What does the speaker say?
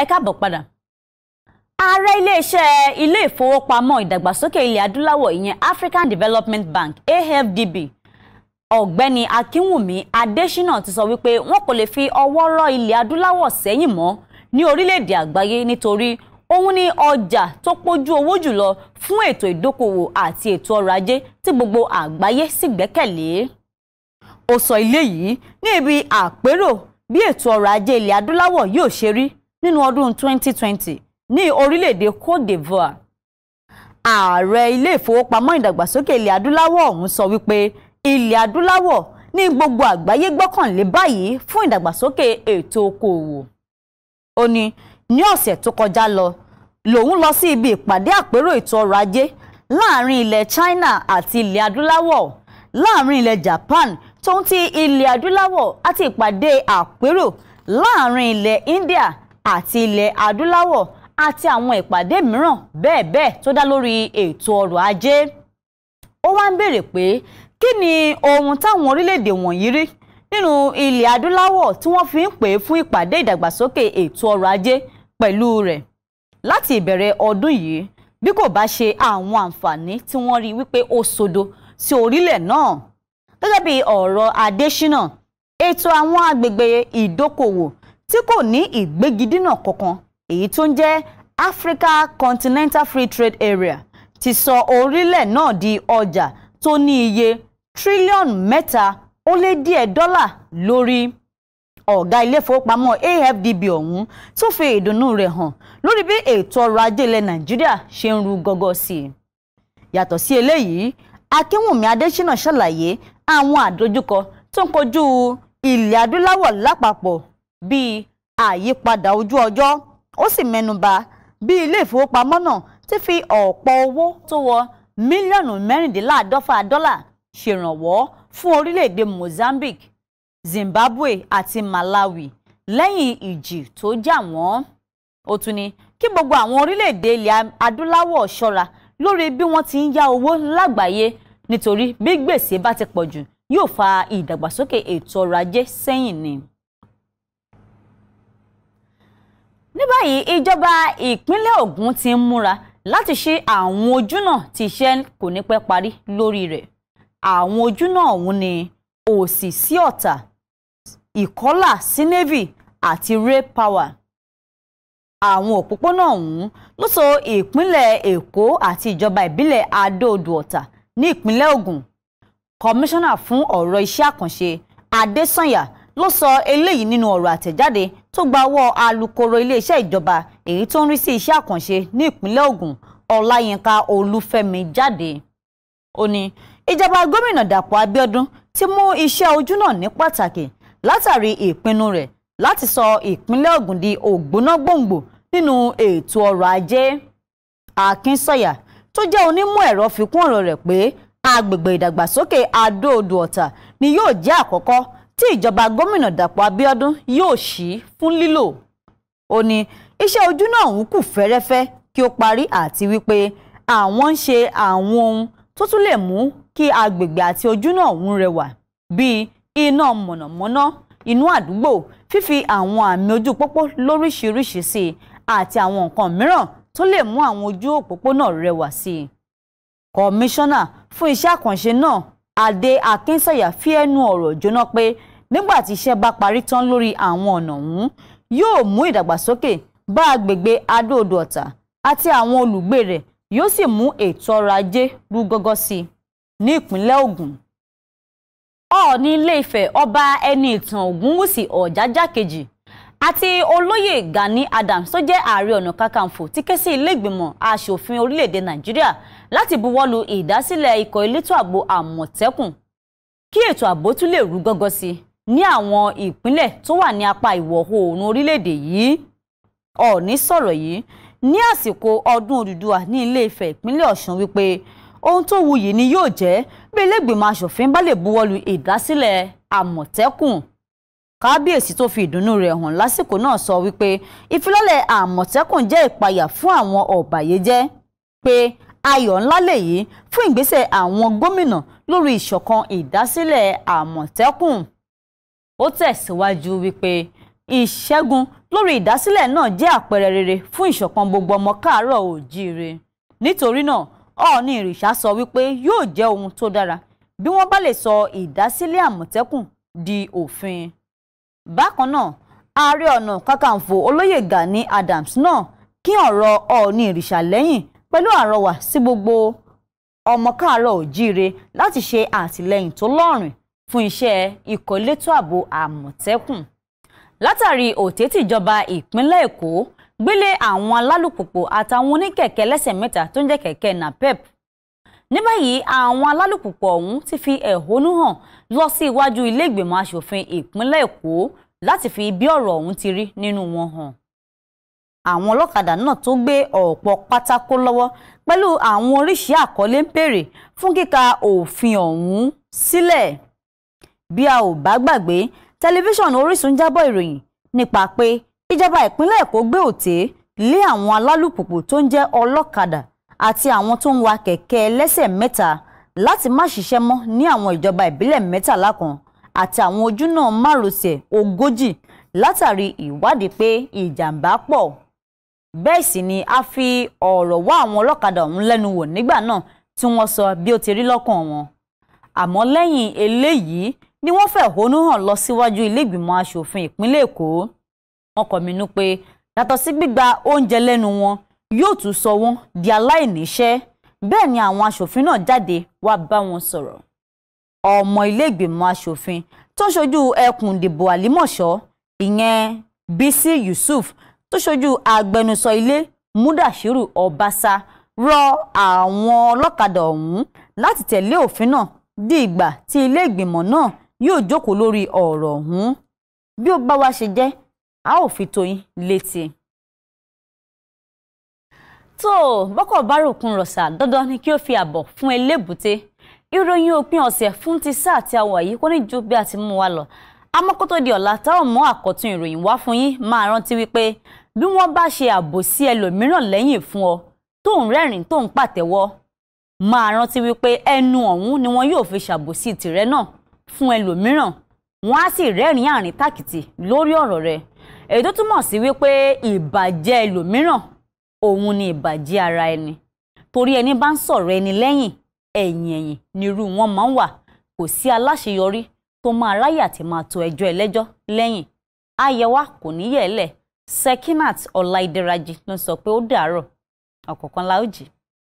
ẹ káàbọ̀ padà ààrẹ iléeṣẹ́ ilé ìfowópamọ́ ìdàgbàsókè ilẹ̀ adúláwọ̀ ìyẹn African Development Bank AFDB ọ̀gbẹ́ni Akínwùmí Adésínà ti sọ wípé wọn kò lè fi ọwọ́ rọ́ ilẹ̀ adúláwọ̀ sẹ́yìn mọ́ ní orílẹ̀-èdè àgbáyé nítorí òun ni ọjà tó pójú owó jùlọ fún ètò ìdókòwò àti ètò ọrọ̀ ajé tí gbogbo àgbáyé sì gbẹ́kẹ̀lé ó sọ ilé yìí ní ibi àpérò bí ètò ọrọ̀ ajé ilẹ̀ adúláwọ̀ yóò ṣe rí nínú ọdún 2020 ní orílẹ̀-èdè Cote d'Ivoire ààrẹ ilé ìfowópamọ́ ìdàgbàsókè ilẹ̀ adúláwọ̀ ọ̀hún sọ wípé ilẹ̀ adúláwọ̀ ní gbogbo àgbáyé gbọ́kànlé báyìí fún ìdàgbàsókè ètò okòòwò ó ní ní ọ̀sẹ̀ tó kọjá lọ lòun lọ sí ibi ìpàdé àpérò ètò ọrọ̀ ajé láàrin ilẹ̀ China àti ilẹ̀ adúláwọ̀ láàrin ilẹ̀ Japan tó ń ti ilẹ̀ adúláwọ̀ àti ìpàdé àpérò láàrin ilẹ̀ India àti ilẹ̀ adúláwọ̀ àti àwọn ìpàdé mìíràn bẹ́ẹ̀ bẹ́ẹ̀ tó dá lórí ètò ọrọ̀ ajé ó wá ń béèrè pé kí ni ohun táwọn orílẹ̀-èdè wọ̀nyí rí nínú ilẹ̀ adúláwọ̀ tí wọ́n fi ń pè é fún ìpàdé ìdàgbàsókè ètò ọrọ̀ ajé pẹ̀lú rẹ̀ láti ìbẹ̀rẹ̀ ọdún yìí bí kò bá ṣe àwọn àǹfààní tí wọ́n rí wípé ó sodo sí orílẹ̀ náà gẹ́gẹ́ bí ọ̀rọ̀ Adésínà ètò àwọn agbègbè ìdókòwò tí kò ní ìgbégidínà kankan èyí tó ń jẹ́ Africa Continental Free Trade Area ti sọ orílẹ̀ náà di ọjà tó ní iye tírílíọ̀nù mẹ́ta ó lé díẹ̀ dọ́là lórí ọ̀gá ilé-ìfowópamọ́ AFDB ọ̀hún tó fi ìdùnnú rẹ̀ hàn lórí bí ètò ọrọ̀ ajé ilẹ̀ Nàìjíríà ṣe ń ru gọ́gọ́ sí i yàtọ̀ sí eléyìí Akínwùmí Adésínà ṣàlàyé àwọn àdójúkọ tó ń kojú ilẹ̀ adúláwọ̀ lápapọ̀ bíi àyípadà ojú ọjọ́ ó sì mẹ́nubà bí ilé ìfowópamọ́ náà ti fi ọ̀pọ̀ owó tó wọ mílíọ̀nù mẹ́rìndínláàdọ́fà dọ́là ṣèrànwọ́ fún orílẹ̀-èdè Mozambique Zimbabwe àti Malawi lẹ́yìn ìjì tó jà wọ́n ó tún ní kí gbogbo àwọn orílẹ̀-èdè ilẹ̀ adúláwọ̀ ṣọ́ra lórí bí wọ́n ti ń yá owó lágbàáyé nítorí bí gbèsè bá ti pọ̀jù yóò fa ìdàgbàsókè ètò ọrọ̀ ajé sẹ́yìn ni. báyìí ìjọba ìpínlẹ̀ Ògùn ti ń múra láti ṣe àwọn ojú náà tí iṣẹ́ kò ní pẹ́ parí lórí rẹ̀ àwọn ojú náà ọ̀hún ni òsì sí ọ̀tà ìkọ́là sí navy àti ray power àwọn òpópónà ọ̀hún ló so ìpínlẹ̀ Èkó àti ìjọba ìbílẹ̀ Adó-Odò Ọ̀tà ní ìpínlẹ̀ Ògùn kọmíṣánná fún ọ̀rọ̀ iṣẹ́ àkànṣe Adésànyà ló sọ eléyìí nínú ọ̀rọ̀ àtẹ̀jáde tó gba ọwọ́ alukoro iléeṣẹ́ ìjọba èyí tó ń rí sí iṣẹ́ àkànṣe ní ìpínlẹ̀ Ògùn Ọláyínká Olúfẹ́mi jáde ó ní ìjọba gómìnà Dàpọ̀ Abíọ́dún ti mú iṣẹ́ ojú náà ní pàtàkì látàrí ìpinnu rẹ̀ láti sọ ìpínlẹ̀ Ògùn di ògbóná gbòǹgbò nínú ètò ọrọ̀ ajé Akínsọ̀yà tó jẹ́ onímọ̀ ẹ̀rọ fi kún ọ̀rọ̀ rẹ̀ pé agbègbè ìdàgbàsókè Adó-Odò Ọ̀tà ni yóò jẹ́ àkọ́kọ́ tí ìjọba gómìnà Dàpọ̀ Abíọ́dún yóò ṣí fún lílò ó ní iṣẹ́ ojú náà ń kù fẹ́rẹ́fẹ́ kí ó parí àti wípé àwọn ń ṣe àwọn ohun tó tún lè mú kí agbègbè àti ojú náà ń rẹwà bíi iná mọ̀nàmọ́ná inú àdúgbò fífi àwọn àmì ojú pópó lóríṣiríṣi sí i àti àwọn nǹkan mìíràn tó lè mú àwọn ojú òpópónà rẹwà sí i. kọmíṣánná fún iṣẹ́ àkànṣe náà Adé Akínsọ̀yà fi ẹnu ọ̀rọ̀ jóná pé nígbà tí iṣẹ́ bá parí tán lórí àwọn ọ̀nà ọ̀hún yóò mú ìdàgbàsókè bá agbègbè Adó-Odò Ọ̀tà àti àwọn olùgbé rẹ̀ yóò sì mú ètò ọrọ̀ ajé rú gọ́gọ́ sí i ní ìpínlẹ̀ Ògùn Ọọ̀ni Ilé-Ifẹ̀ ọba Ẹniìtàn Ògúnwùsì Ọ̀jájá kejì àti olóyè Gani Adams tó jẹ́ ààrẹ ọ̀nà kakanfò ti ké sí ilé ìgbìmọ̀ asòfin orílẹ̀-èdè nàìjíríà láti buwọ́lu ìdásílẹ̀ ikọ̀ elétò ààbò àmọ̀tẹ́kùn kí ètò ààbò tún lè rú gọ́gọ́ sí ní àwọn ìpínlẹ̀ tó wà ní apá ìwọ̀ oòrùn orílẹ̀-èdè yìí ọ̀ọ́ni sọ̀rọ̀ yìí ní àsìkò ọdún Odùduwà ní ilé Ifẹ̀ ìpínlẹ̀ Ọ̀ṣun wípé ohun tó wuyì ni yóò jẹ́ bí ilé ìgbìmọ̀ asòfin bá lè buwọ́lu ìdásílẹ̀ àmọ̀tẹ́kùn kábíyèsí tó fi ìdùnnú rẹ̀ hàn lásìkò náà sọ wípé ìfilọ́lẹ̀ àmọ̀tẹ́kùn jẹ́ ìpayà fún àwọn ọ̀bàyéjẹ́ pé ayọ̀ ńlá lèyí fún ìgbésẹ̀ àwọn gómìnà lórí ìṣọ̀kan ìdásílẹ̀ àmọ̀tẹ́kùn ó tẹ̀síwájú wípé ìṣẹ́gun lórí ìdásílẹ̀ náà jẹ́ àpẹẹrẹ rere fún ìṣọ̀kan gbogbo ọmọ káàárọ̀ òjíire nítorí náà ọ̀ọ́nì ìrìṣà sọ wípé yóò jẹ́ ohun tó dára bí wọ́n bá lè sọ ìdásílẹ̀ àmọ̀tẹ́kùn di òfin bákan náà ààrẹ ọ̀nà kakanfò olóyè Gani Adams náà kí ọ̀rọ̀ Ọọ̀ni ìrìṣà lẹ́yìn pẹ̀lú àrọwà sí gbogbo ọmọ káàárọ̀ òjíire láti ṣe àtìlẹ́yìn tó lọ́rìn fún iṣẹ́ ikọ̀ elétò ààbò àmọ̀tẹ́kùn látàrí òtẹ́ tìjọba ìpínlẹ̀ Èkó gbélé àwọn alálùpùpù àtàwọn oníkẹ̀kẹ́ lẹ́sẹ̀ mẹ́ta tó ń jẹ́ kẹ̀kẹ́ napep ní báyìí àwọn alálùpùpù ọ̀hún ti fi ẹ̀hónú hàn lọ sí iwájú ilé ìgbìmọ̀ asòfin ìpínlẹ̀ èkó láti fi bí ọ̀rọ̀ ọ̀hún ti rí nínú wọn hàn àwọn ọlọ́kadà náà tó gbé ọ̀pọ̀ pátákó lọ́wọ́ pẹ̀lú àwọn oríṣìí àkọlé ń bèrè fún kíka òfin ọ̀hún sílẹ̀ bí a ò bá gbàgbé tẹlifíṣàn Orísun jábọ̀ ìròyìn nípa pé ìjọba ìpínlẹ̀ Èkó gbé òté lé àwọn alálùpùpù tó ń jẹ́ ọlọ́kadà àti àwọn tó ń wa kẹ̀kẹ́ ẹlẹ́sẹ̀ mẹ́ta láti má ṣiṣẹ́ mọ́ ní àwọn ìjọba ìbílẹ̀ mẹ́tàlá kan àti àwọn ojúnà márosẹ̀ ogójì látàrí ìwádìí pé ìjàmbá pọ̀ bẹ́ẹ̀ sì ni a fi ọ̀rọ̀ wá àwọn ọlọ́kadà ọ̀hún lẹ́nu wò nígbà náà tí wọ́n sọ bí ó ti rí lọ́kàn wọn àmọ́ lẹ́yìn eléyìí ni wọ́n fẹ̀hónú hàn lọ síwájú iléègbìmọ̀ asòfin ìpínlẹ̀ èkó wọn kọ̀mínú pé yàtọ̀ sí gbígba oúnjẹ lẹ́nu wọn yóò tún sọ wọ́n di aláìníṣẹ́ bẹ́ẹ̀ ni àwọn aṣòfin náà jáde wá bá wọn sọ̀rọ̀ ọmọ iléègbìmọ̀ aṣòfin tó ń ṣojú ẹkùn ìdìbò àlìmọ̀ṣọ́ ìyẹn Bisi Yusuf tó ṣojú agbẹnusọ ilé Mudashiru Obasa rọ àwọn ọlọ́kadà ọ̀hún láti tẹ̀lé òfin náà di ìgbà tí ilé ìgbìmọ̀ náà yóò jókòó lórí ọ̀rọ̀ ọ̀hún bí ó bá wá ṣe jẹ́ a ó fi tó létí tó bọ́kọ̀ bá ròkun rọ̀ṣà dandan ni kí ó fi àbọ̀ fún elébùté ìròyìn òpin ọ̀sẹ̀ fún ti sáà tí a wà yìí kò ní ju bí a ti mú wa lọ àmọ́ kó tó di ọ̀la tá ò mọ àkọ́tún ìròyìn wá fún yín máa rántí wípé bí wọ́n bá ṣe àbòsí ẹlòmíràn lẹ́yìn fún ọ tó ń rẹ́rìn tó ń pàtẹ́wọ́ máa rántí wípé ẹnu ọ̀hún ni wọn yóò fi ṣàbòsí tìrẹ́ náà fún ẹlòmíràn wọn á sì rẹ́rìn àrìn tàkìtì lórí ọ̀rọ̀ rẹ èyí tó túmọ̀ sí wípé ìbàjẹ́ ẹlòmíràn òun ni ìbàjẹ́ ara ẹni torí ẹni bá ń sọ̀rọ̀ ẹni lẹ́yìn ẹ̀yìn ẹ̀yìn nírú wọn máa ń wà kò sí aláṣeyọrí tó máa ráyè àti máa to ẹjọ́ ẹlẹ́jọ́ lẹ́yìn àyẹ̀wá kò níyẹ̀ẹ́lẹ̀ Sekinat Ọláìdẹ́rajì ló sọ pé ó dàárọ̀ ọ̀kọ̀ọ̀kan la